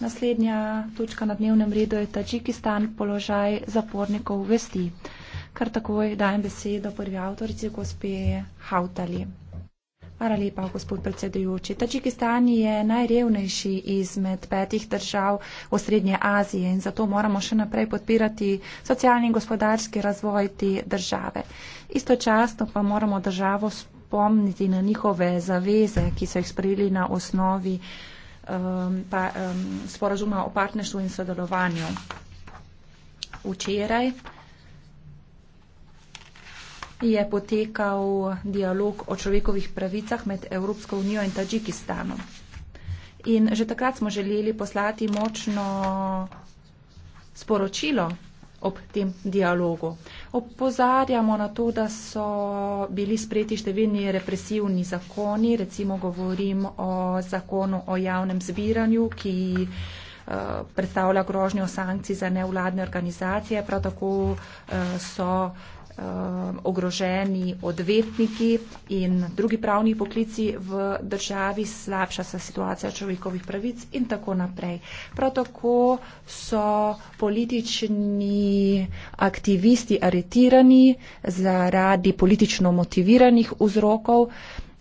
Naslednja točka na dnevnem redu je Tačikistan, položaj zapornikov v vesti. Kar takoj dajem besedo prvi avtorici, gospe Hautali. Hvala lepa, gospod predsedujoči. Tačikistan je najrevnejši izmed petih držav v Srednje Azije in zato moramo še naprej podpirati socialni in gospodarski razvoj te države. Istočasno pa moramo državo spomniti na njihove zaveze, ki so jih sprejeli na osnovi um, pa, um, sporazuma o partnerstvu in sodelovanju. Včeraj je potekal dialog o človekovih pravicah med Evropsko unijo in Tadžikistanom. In že takrat smo želeli poslati močno sporočilo ob tem dialogu. Opozarjamo na to, da so bili sprejeti številni represivni zakoni, recimo govorim o zakonu o javnem zbiranju, ki eh, predstavlja grožnjo sankcij za nevladne organizacije, prav tako eh, so Um, ogroženi odvetniki in drugi pravni poklici v državi, slabša se situacija človekovih pravic in tako naprej. Prav tako so politični aktivisti aretirani zaradi politično motiviranih vzrokov.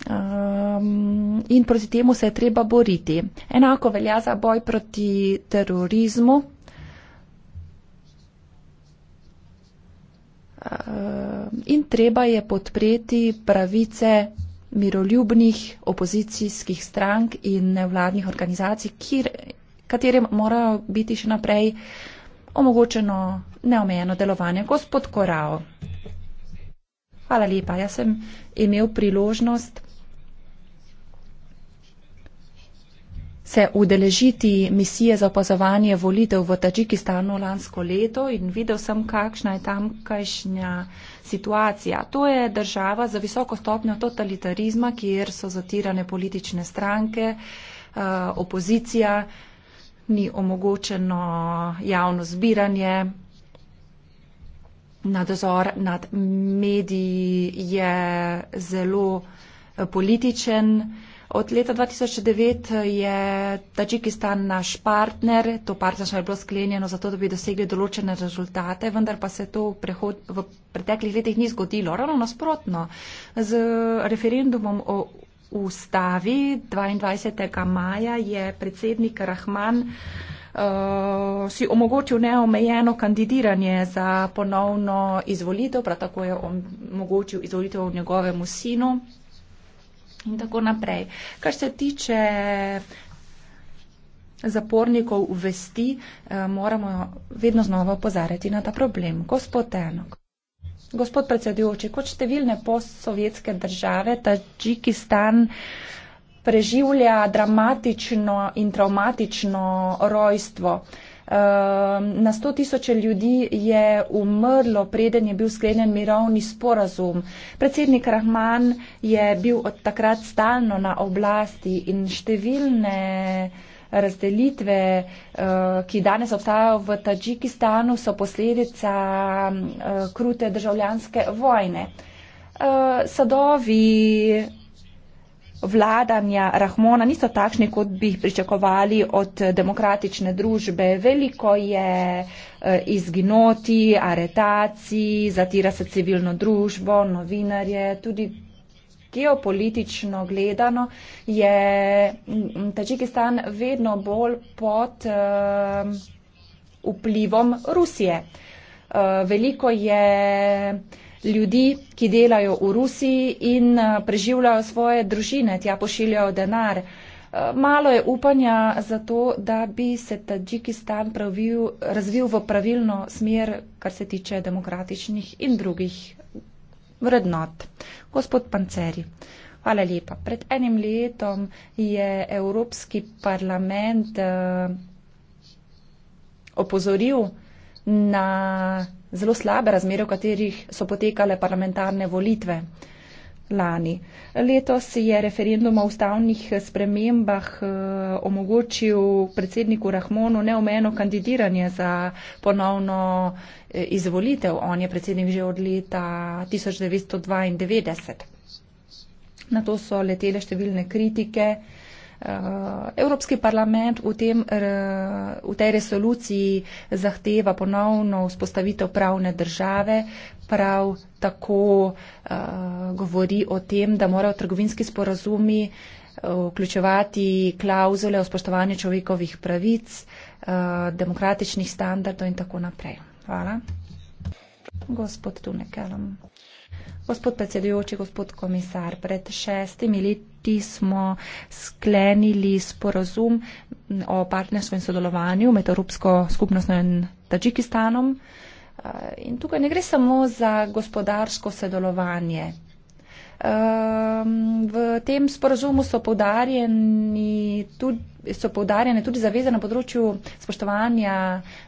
Um, in proti temu se je treba boriti. Enako velja za boj proti terorizmu, Ehm, in treba je podpreti pravice miroljubnih opozicijskih strank in nevladnih organizacij, kjer, katere morajo biti še naprej omogočeno neomejeno delovanje. Gospod Korao, hvala lepa. Jaz sem imel priložnost se udeležiti misije za opazovanje volitev v Tačikistanu lansko leto in videl sem, kakšna je tamkajšnja situacija. To je država z visoko stopnjo totalitarizma, kjer so zatirane politične stranke, eh, opozicija, ni omogočeno javno zbiranje. Nadzor nad mediji je zelo političen. Od leta 2009 je Tadžikistan naš partner, to partnerstvo je bilo sklenjeno zato, da bi dosegli določene rezultate, vendar pa se to v, prehod, v preteklih letih ni zgodilo. Ravno nasprotno, z referendumom o ustavi 22. maja je predsednik Rahman uh, si omogočil neomejeno kandidiranje za ponovno izvolitev, prav tako je omogočil izvolitev njegovemu sinu in tako naprej. Kar se tiče zapornikov vesti, eh, moramo vedno znova opozarjati na ta problem. Gospod Enok. Gospod predsedujoči, kot številne postsovjetske države, Tadžikistan preživlja dramatično in traumatično rojstvo. Uh, Ehm, na 100 tisoče ljudi je umrlo, preden je bil sklenjen mirovni sporazum. Predsednik Rahman je bil od takrat stalno na oblasti in številne razdelitve, eh, ki danes obstajajo v Tadžikistanu, so posledica eh, krute državljanske vojne. Eh, sadovi vladanja Rahmona niso takšni, kot bi jih pričakovali od demokratične družbe. Veliko je e, izginoti, aretacij, zatira se civilno družbo, novinarje, tudi geopolitično gledano je Tačikistan vedno bolj pod e, vplivom Rusije. E, veliko je ljudi, ki delajo v Rusiji in eh, preživljajo svoje družine, tja pošiljajo denar. Eh, malo je upanja za to, da bi se Tadžikistan razvil v pravilno smer, kar se tiče demokratičnih in drugih vrednot. Gospod Panceri, hvala lepa. Pred enim letom je Evropski parlament eh, opozoril na zelo slabe razmere, v katerih so potekale parlamentarne volitve lani. Letos je referendum o ustavnih spremembah eh, omogočil predsedniku Rahmonu neomeno kandidiranje za ponovno eh, izvolitev. On je predsednik že od leta 1992. Na to so letele številne kritike. Eh, Evropski parlament v, tem, v tej resoluciji zahteva ponovno vzpostavitev pravne države, prav tako eh, govori o tem, da morajo trgovinski sporazumi eh, vključevati klauzule o spoštovanju človekovih pravic, demokratičnih standardov in tako naprej. Hvala. Gospod Tunekelom. Gospod predsedujoči, gospod komisar, pred šestimi leti smo sklenili sporozum o partnerstvu in sodelovanju med Evropsko skupnostjo in Tadžikistanom. Eh, in tukaj ne gre samo za gospodarsko sodelovanje. Ehm, v tem sporozumu so povdarjeni tudi so povdarjene tudi zaveze na področju spoštovanja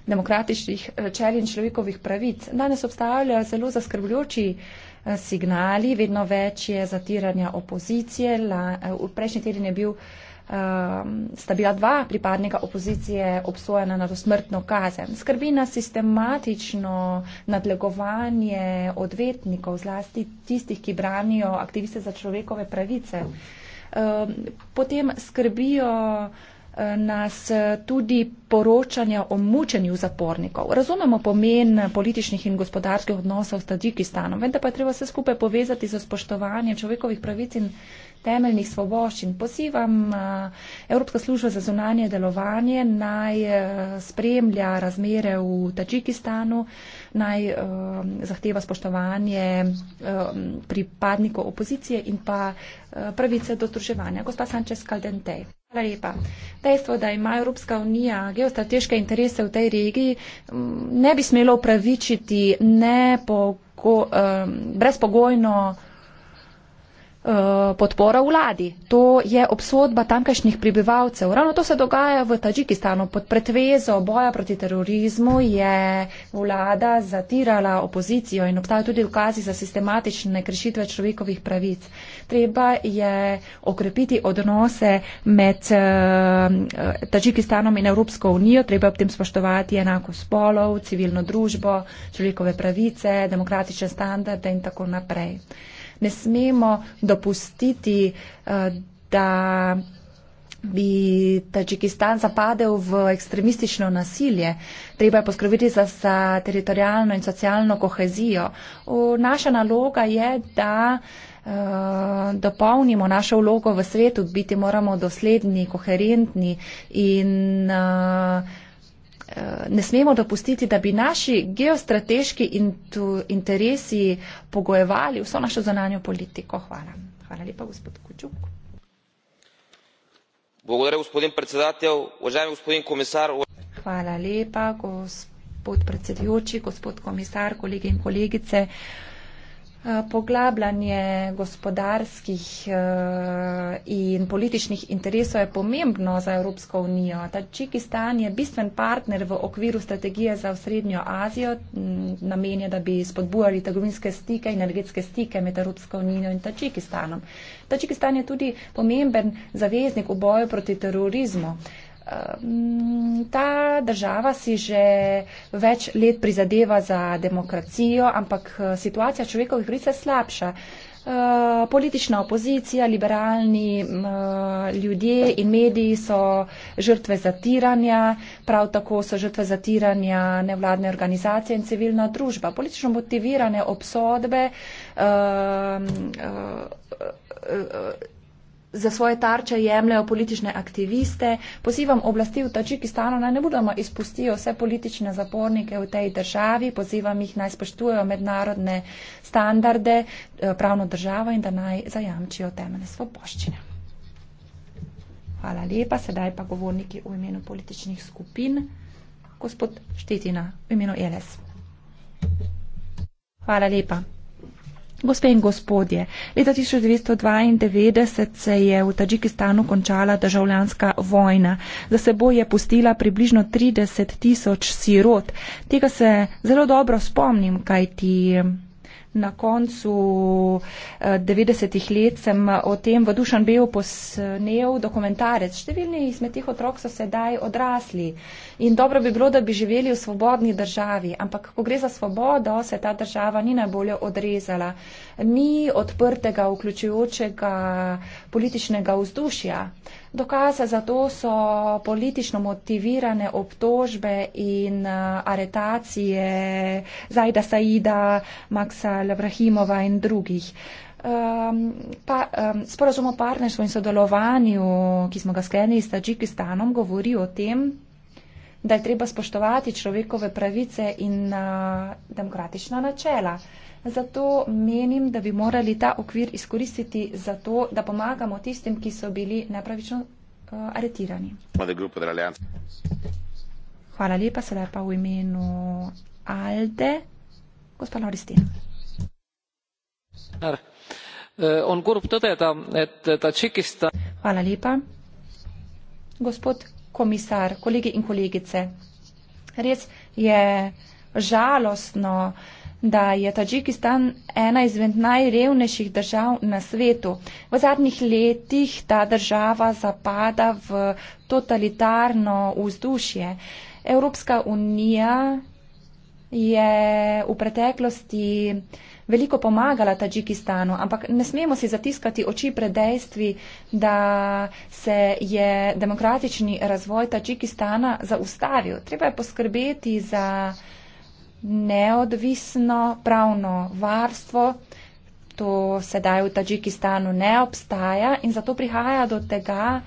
demokratičnih eh, čel in človekovih pravic. Danes obstavljajo zelo zaskrbljujoči uh, Eh, signali, vedno več je zatiranja opozicije. La, eh, v prejšnji teden je bil, um, sta bila dva pripadnika opozicije obsojena na dosmrtno kazen. Skrbi na sistematično nadlegovanje odvetnikov, zlasti tistih, ki branijo aktiviste za človekove pravice. Um, potem skrbijo nas eh, tudi poročanja o mučenju zapornikov. Razumemo pomen političnih in gospodarskih odnosov s Tadžikistanom, vendar pa je treba vse skupaj povezati z spoštovanjem človekovih pravic in temeljnih svoboščin. Pozivam eh, Evropska služba za zunanje delovanje naj eh, spremlja razmere v Tačikistanu, naj eh, zahteva spoštovanje pripadnikov opozicije in pa pravice do združevanja. Gospa Sančes Kaldentej. Hvala lepa. Dejstvo, da ima Evropska unija geostrateške interese v tej regiji, mm, ne bi smelo upravičiti ne po, ko, um, brezpogojno Eh, podporo vladi. To je obsodba tamkajšnjih prebivalcev. Ravno to se dogaja v Tačikistanu. Pod pretvezo boja proti terorizmu je vlada zatirala opozicijo in obstajajo tudi dokazi za sistematične kršitve človekovih pravic. Treba je okrepiti odnose med eh, eh, Tačikistanom in Evropsko unijo, treba ob tem spoštovati enako spolov, civilno družbo, človekove pravice, demokratične standarde in tako naprej ne smemo dopustiti, eh, da bi Tačikistan zapadel v ekstremistično nasilje. Treba je poskrbiti za, za teritorijalno in socialno kohezijo. O, naša naloga je, da eh, dopolnimo našo vlogo v svetu, biti moramo dosledni, koherentni in uh, Eh, ne smemo dopustiti, da bi naši geostrateški interesi pogojevali vso našo zananjo politiko. Hvala. Hvala lepa, gospod Kučuk. Благодаря, господин председател. Уважаеми господин комисар. Хвала лепа, господ председиочи, господ комисар, колеги и колегице. Eh, poglabljanje gospodarskih eh, in političnih interesov je pomembno za Evropsko unijo. Tačikistan je bistven partner v okviru strategije za Srednjo Azijo, mm, namenje, da bi spodbujali trgovinske stike in energetske stike med Evropsko unijo in Tačikistanom. Tačikistan je tudi pomemben zaveznik v boju proti terorizmu ta država si že več let prizadeva za demokracijo, ampak eh, situacija človekovih pravic je slabša. Uh, politična opozicija, liberalni uh, ljudje in mediji so žrtve zatiranja, prav tako so žrtve zatiranja nevladne organizacije in civilna družba. Politično motivirane obsodbe. Uh, uh, uh, uh, za svoje tarče jemljajo politične aktiviste. Pozivam oblasti v Tačikistanu, naj ne budemo izpustijo vse politične zapornike v tej državi, pozivam jih naj spoštujejo mednarodne standarde, eh, pravno državo in da naj zajamčijo temene svoboščine. Hvala lepa. Sedaj pa govorniki v imenu političnih skupin. Gospod Štetina, v imenu ELS. Hvala lepa. Gospe in gospodje, leta 1992 se je v Tadžikistanu končala državljanska vojna. Za seboj je pustila približno 30 tisoč sirot. Tega se zelo dobro spomnim, kaj ti na koncu 90-ih eh, let sem o tem v Dušan Bejo posnel dokumentarec. Številni izmed teh otrok so sedaj odrasli in dobro bi bilo, da bi živeli v svobodni državi, ampak ko gre za svobodo, se ta država ni najbolje odrezala. Ni odprtega, vključujočega političnega vzdušja. Dokaze za to so politično motivirane obtožbe in eh, aretacije Zajda Saida, Maksa Labrahimova in drugih. Um, pa, um, ehm, sporozum o partnerstvu in sodelovanju, ki smo ga sklenili s Tadžikistanom, govori o tem, da je treba spoštovati človekove pravice in uh, demokratična načela. Uh, Zato menim, da bi morali ta okvir izkoristiti za to, da pomagamo tistim, ki so bili nepravično uh, aretirani. Hvala lepa, sedaj pa v imenu Alde, gospod Loristin. On kurb tõdeda, et Tadžikistan. Hvala lepa. Gospod komisar, kolegi in kolegice, res je žalostno, uh, da je Tadžikistan ena izmed najrevnejših držav na svetu. V zadnjih letih ta država zapada v totalitarno vzdušje. Evropska unija je v preteklosti veliko pomagala Tadžikistanu, ampak ne smemo si zatiskati oči pred dejstvi, da se je demokratični razvoj Tadžikistana zaustavil. Treba je poskrbeti za neodvisno pravno varstvo. To sedaj v Tadžikistanu ne obstaja in zato prihaja do tega,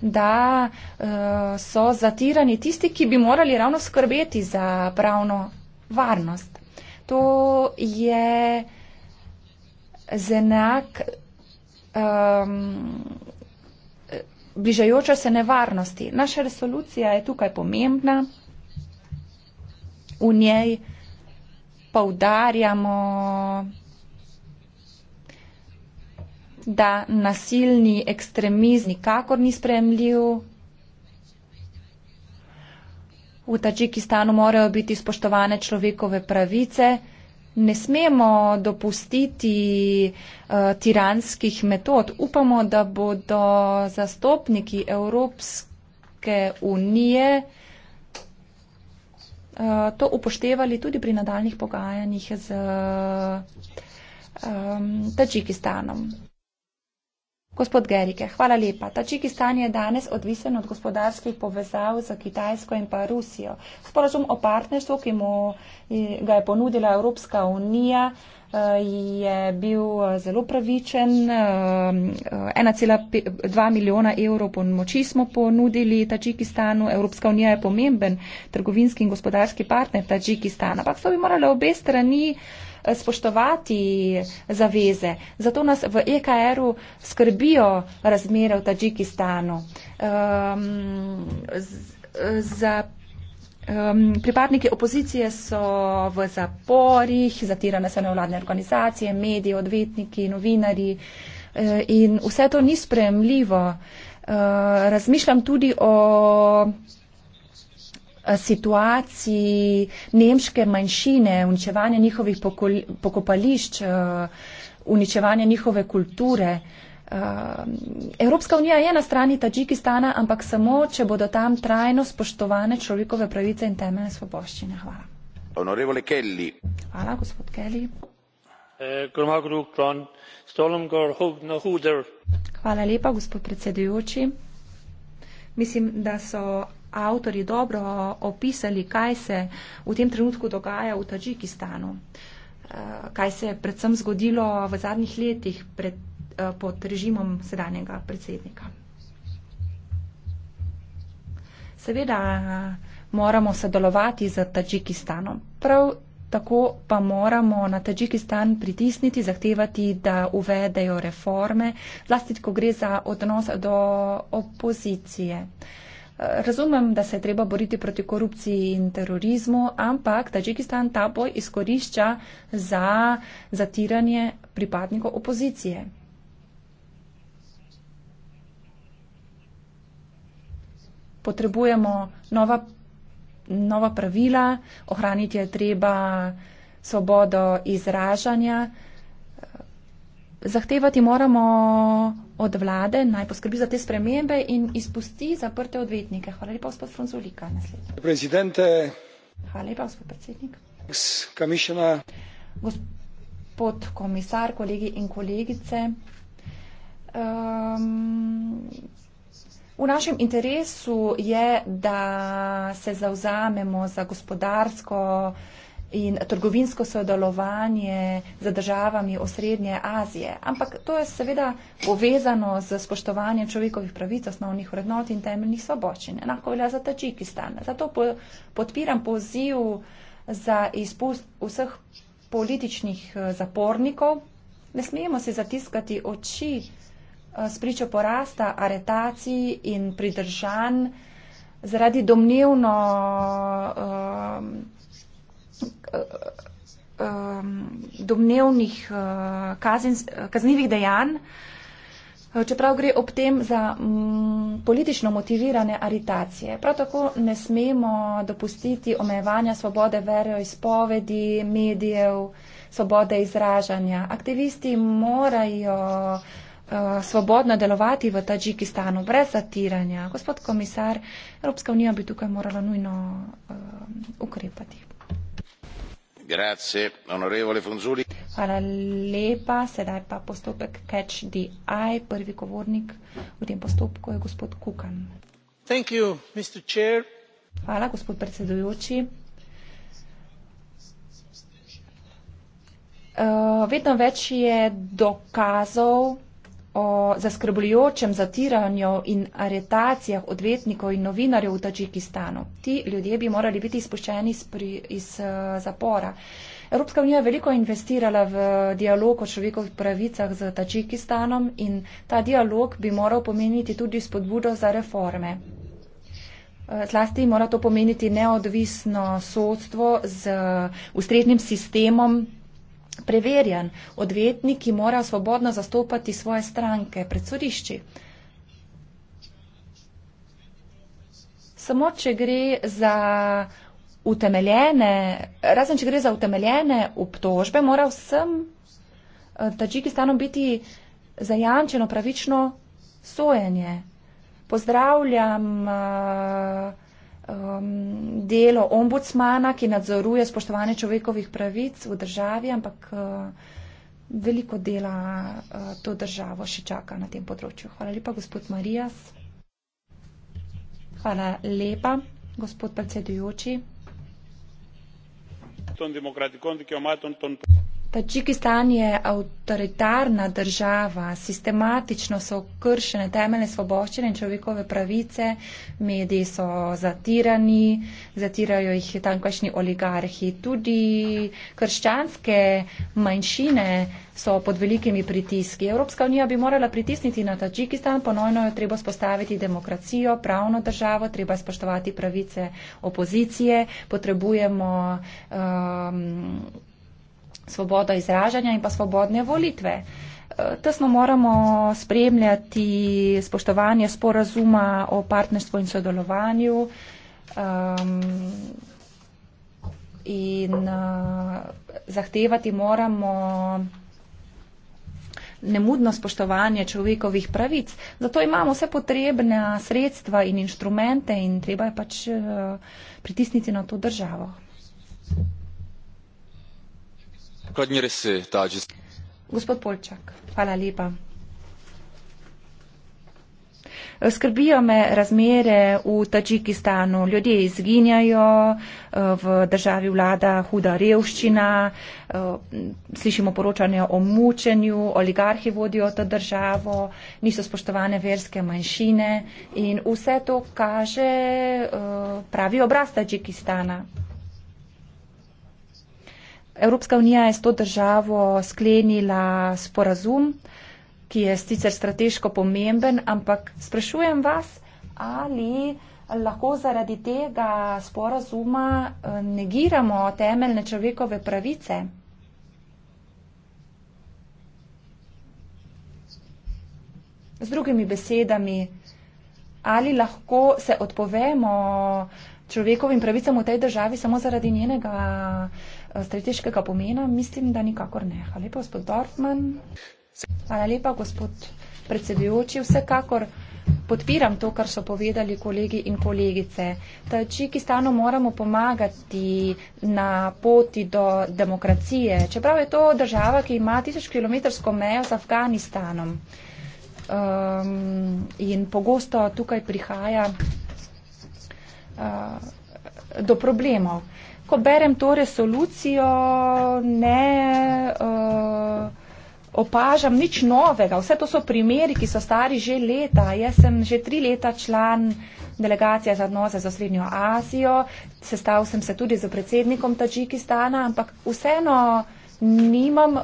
da uh, so zatirani tisti, ki bi morali ravno skrbeti za pravno varnost. To je zenak um, ehm, bližajoča se nevarnosti. Naša resolucija je tukaj pomembna. V njej uh, poudarjamo, da nasilni ekstremizm nikakor ni spremljiv. V Tačikistanu morajo biti spoštovane človekove pravice. Ne smemo dopustiti uh, tiranskih metod. Upamo, da bodo zastopniki Evropske unije uh, Eh, to upoštevali tudi pri nadaljnih pogajanjih z um, eh, Tačikistanom. Gospod Gerike, hvala lepa. Tačikistan je danes odvisen od gospodarskih povezav z Kitajsko in pa Rusijo. Sporazum o partnerstvu, ki mu ga je ponudila Evropska unija, eh, je bil eh, zelo pravičen. 1,2 eh, milijona evrov pomoči smo ponudili Tačikistanu. Evropska unija je pomemben trgovinski in gospodarski partner Tačikistana. Ampak to bi morale obe strani spoštovati zaveze. Zato nas v EKR-u skrbijo razmere v Tadžikistanu. Um, za um, pripadniki opozicije so v zaporih, zatirane so nevladne organizacije, mediji, odvetniki, novinari eh, in vse to ni spremljivo. Uh, eh, razmišljam tudi o situaciji nemške manjšine, uničevanja njihovih pokopališč, eh, uničevanja njihove kulture. Eh, Evropska unija je na strani Tadžikistana, ampak samo, če bodo tam trajno spoštovane človekove pravice in temeljne svoboščine. Hvala. Kelly. Hvala, gospod Kelly. Eh, no Hvala lepa, gospod predsedujoči. Mislim, da so avtori dobro opisali, kaj se v tem trenutku dogaja v Tadžikistanu, eh, kaj se je predvsem zgodilo v zadnjih letih pred, eh, pod režimom sedanjega predsednika. Seveda moramo sodelovati z Tadžikistanom. Prav tako pa moramo na Tadžikistan pritisniti, zahtevati, da uvedejo reforme, zlasti ko gre za odnos do opozicije. Uh, Razumem, da se je treba boriti proti korupciji in terorizmu, ampak Tadžikistan ta boj izkorišča za zatiranje pripadnikov opozicije. Potrebujemo nova, nova pravila, ohraniti je treba svobodo izražanja. Zahtevati moramo od vlade, naj poskrbi za te spremembe in izpusti zaprte odvetnike. Hvala lepa, gospod Fronzolika. Hvala lepa, gospod predsednik. Gospod komisar, kolegi in kolegice. Um, v našem interesu je, da se zauzamemo za gospodarsko in trgovinsko sodelovanje z državami osrednje Azije. Ampak to je seveda povezano z spoštovanjem človekovih pravic, osnovnih vrednot in temeljnih svoboščin. Enako velja za Tačikistan. Zato po, podpiram poziv za izpust vseh političnih eh, zapornikov. Ne smemo se zatiskati oči eh, s pričo porasta aretacij in pridržanj zaradi domnevno um, Um, domnevnih uh, kaznivih dejanj, uh, čeprav gre ob tem za mm, politično motivirane aritacije. Prav tako ne smemo dopustiti omejevanja svobode veroizpovedi, medijev, svobode izražanja. Aktivisti morajo uh, svobodno delovati v Tadžikistanu, brez zatiranja. Gospod komisar, Evropska unija bi tukaj morala nujno ukrepati. Grazie. Onorevole Fonzuli. Hvala lepa. Sedaj pa postopek Catch the Eye. Prvi govornik v tem postopku je gospod Kukan. Thank you, Mr. Chair. Hvala, gospod predsedujoči. Uh, vedno več je dokazov, o zaskrbljujočem zatiranju in aretacijah odvetnikov in novinarjev v Tačikistanu. Ti ljudje bi morali biti izpuščeni iz, pri, iz uh, zapora. Evropska unija je veliko investirala v dialog o človekovih pravicah z Tačikistanom in ta dialog bi moral pomeniti tudi spodbudo za reforme. Eh, zlasti mora to pomeniti neodvisno sodstvo z ustreznim sistemom preverjen. Odvetnik, ki mora svobodno zastopati svoje stranke pred sodišči. Samo, če gre za utemeljene, razen če gre za utemeljene obtožbe, mora vsem eh, Tadžikistanom biti zajančeno pravično sojenje. Pozdravljam uh, um, delo ombudsmana, ki nadzoruje spoštovanje človekovih pravic v državi, ampak uh, veliko dela uh, to državo še čaka na tem področju. Hvala lepa, gospod Marijas. Hvala lepa, gospod predsedujoči. Tom demokratikom, ki jo imate, tom. Tačikistan je avtoritarna država, sistematično so kršene temeljne svoboščine in človekove pravice, mediji so zatirani, zatirajo jih tankašnji oligarhi. Tudi krščanske manjšine so pod velikimi pritiski. Evropska unija bi morala pritisniti na Tačikistan, ponovno je treba spostaviti demokracijo, pravno državo, treba je spoštovati pravice opozicije, potrebujemo. Um, svobodo izražanja in pa svobodne volitve. E, tesno moramo spremljati spoštovanje sporazuma o partnerstvu in sodelovanju um, in uh, zahtevati moramo nemudno spoštovanje človekovih pravic. Zato imamo vse potrebne sredstva in inštrumente in treba je pač uh, pritisniti na to državo základní rysy tádžistů. Gospod Polčak, hvala lepa. Skrbijo me razmere v Tadžikistanu. Ljudje izginjajo, eh, v državi vlada huda revščina, eh, slišimo poročanje o mučenju, oligarhi vodijo to državo, niso spoštovane verske manjšine in vse to kaže eh, pravi obraz Tadžikistana. Evropska unija je s to državo sklenila sporazum, ki je sicer strateško pomemben, ampak sprašujem vas, ali lahko zaradi tega sporazuma eh, negiramo temeljne človekove pravice. Z drugimi besedami, ali lahko se odpovemo človekovim pravicam v tej državi samo zaradi njenega Eh, strateškega pomena, mislim, da nikakor ne. Hvala lepa, gospod Dortman. Hvala lepa, gospod predsedujoči. Vsekakor podpiram to, kar so povedali kolegi in kolegice. Tačikistanu moramo pomagati na poti do demokracije, čeprav je to država, ki ima tisoč kilometrsko mejo z Afganistanom. Um, in pogosto tukaj prihaja uh, do problemov. Uh, ko berem to resolucijo, ne uh, opažam nič novega. Vse to so primeri, ki so stari že leta. Jaz sem že tri leta član delegacije za odnose z osrednjo Azijo, sestal sem se tudi z predsednikom Tačikistana, ampak vseeno nimam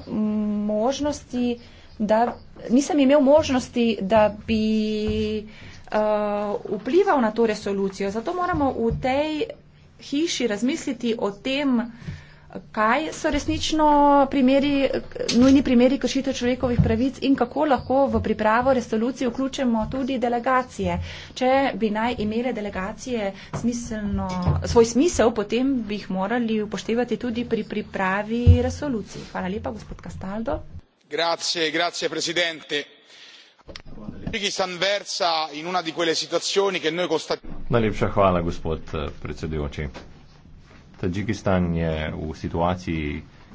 možnosti, da, nisem imel možnosti, da bi uh, vplival na to resolucijo. Zato moramo v tej hiši razmisliti o tem, kaj so resnično primeri, nujni primeri kršitev človekovih pravic in kako lahko v pripravo resolucije vključimo tudi delegacije. Če bi naj imele delegacije smiselno, svoj smisel, potem bi jih morali upoštevati tudi pri pripravi resolucij. Hvala lepa, gospod Kastaldo. Grazie, grazie, predsednik najlepša hvala gospod eh, predsedujoči tadžikistan je v situaciji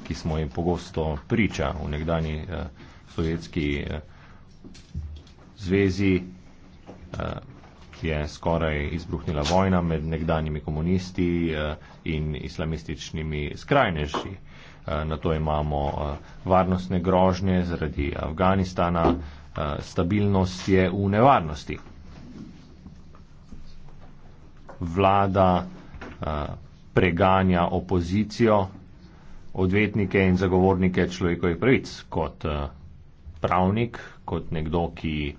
ki smo jim pogosto priča v nekdani eh, sovjetski eh, zvezi eh, ki je skoraj izbruhnila vojna med nekdanjimi komunisti eh, in islamističnimi skrajneži eh, na to imamo eh, varnostne grožnje zaradi afganistana eh, Eh, stabilnost je v nevarnosti. Vlada eh, preganja opozicijo, odvetnike in zagovornike človekovih pravic kot eh, pravnik, kot nekdo, ki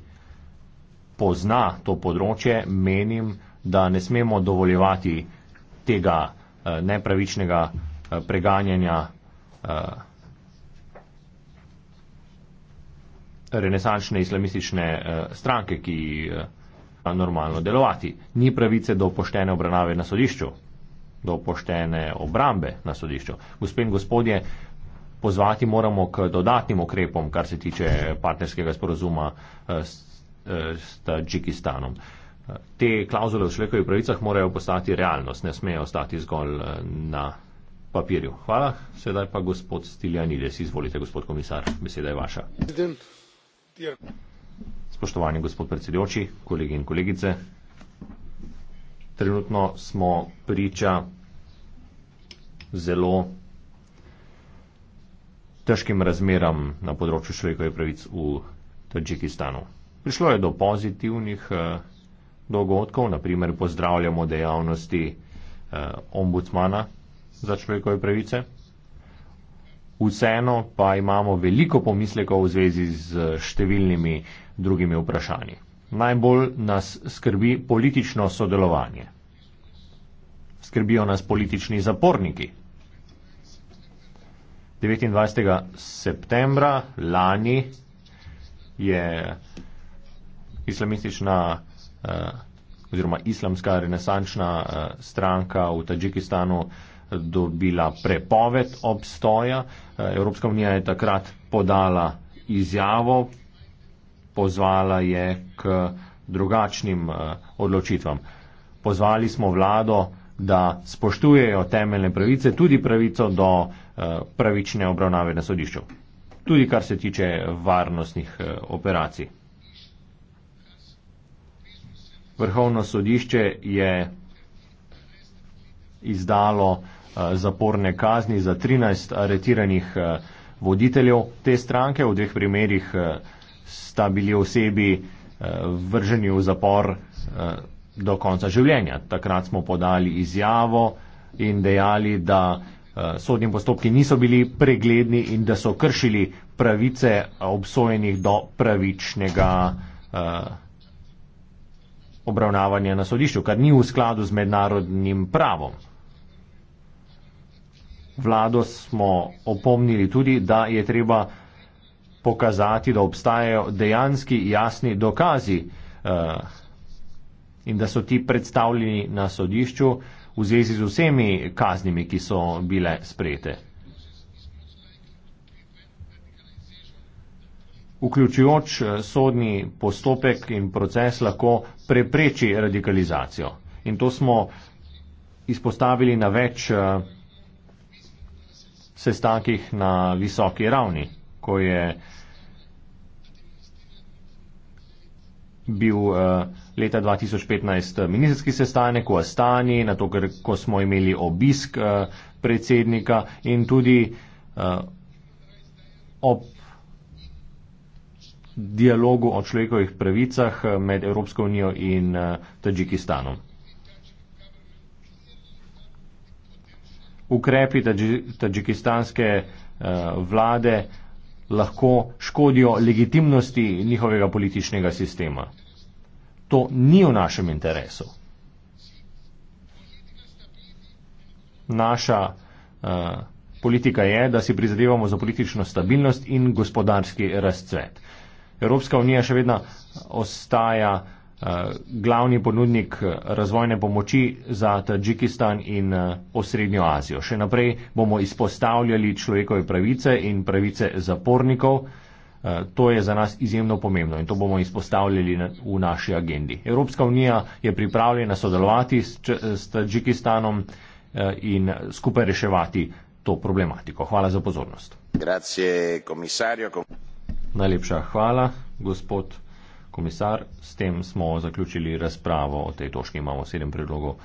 pozna to področje, menim, da ne smemo dovoljevati tega nepravičnega preganjanja renesančne islamistične eh, stranke, ki eh, normalno delovati. Ni pravice do poštene obravnave na sodišču, do poštene obrambe na sodišču. Gospod in gospodje, pozvati moramo k dodatnim okrepom, kar se tiče partnerskega sporozuma eh, s, s Tadžikistanom. Te klauzule v človekovih pravicah morajo postati realnost, ne smejo ostati zgolj na papirju. Hvala. Sedaj pa gospod Stiljanides, izvolite, gospod komisar, beseda je vaša. Zdaj podpira. Spoštovani gospod predsedujoči, kolegi in kolegice. Trenutno smo priča zelo težkim razmeram na področju človekovih pravic v Tadžikistanu. Prišlo je do pozitivnih eh, dogodkov, naprimer pozdravljamo dejavnosti eh, ombudsmana za človekove pravice, vseeno pa imamo veliko pomislekov v zvezi z številnimi drugimi vprašanji. Najbolj nas skrbi politično sodelovanje. Skrbijo nas politični zaporniki. 29. septembra lani je islamistična eh, oziroma islamska renesančna eh, stranka v Tadžikistanu dobila prepoved obstoja. Eh, Evropska unija je takrat podala izjavo, pozvala je k drugačnim eh, odločitvam. Pozvali smo vlado, da spoštujejo temeljne pravice, tudi pravico do eh, pravične obravnave na sodišču, tudi kar se tiče varnostnih operacij. Vrhovno sodišče je izdalo eh, zaporne kazni za 13 aretiranih eh, voditeljev te stranke. V dveh primerih eh, sta bili osebi vrženi v zapor do konca življenja. Takrat smo podali izjavo in dejali, da sodni postopki niso bili pregledni in da so kršili pravice obsojenih do pravičnega obravnavanja na sodišču, kar ni v skladu z mednarodnim pravom. Vlado smo opomnili tudi, da je treba pokazati, da obstajajo dejanski jasni dokazi eh, in da so ti predstavljeni na sodišču v zvezi z vsemi kaznimi, ki so bile sprejete. Vključujoč eh, sodni postopek in proces lahko prepreči radikalizacijo. In to smo izpostavili na več. Eh, sestankih na visoki ravni, ko je bil uh, leta 2015 ministerski sestanek v Astani, na to, ker ko smo imeli obisk uh, predsednika in tudi uh, ob dialogu o človekovih pravicah med Evropsko unijo in uh, Tadžikistanom. ukrepi tađikistanske eh, vlade lahko škodijo legitimnosti njihovega političnega sistema. To ni v našem interesu. Naša uh, politika je, da si prizadevamo za politično stabilnost in gospodarski razcvet. Evropska unija še vedno ostaja uh, Eh, glavni ponudnik eh, razvojne pomoči za Tadžikistan in eh, osrednjo Azijo. Še naprej bomo izpostavljali človekove pravice in pravice zapornikov. To je za nas izjemno pomembno in to bomo izpostavljali v naši agendi. Evropska unija je pripravljena sodelovati s Tadžikistanom in skupaj reševati to problematiko. Hvala za pozornost. Grazie, komisarjo. Najlepša hvala, gospod komisar, s tem smo zaključili razpravo o tej točki. Imamo sedem predlogov.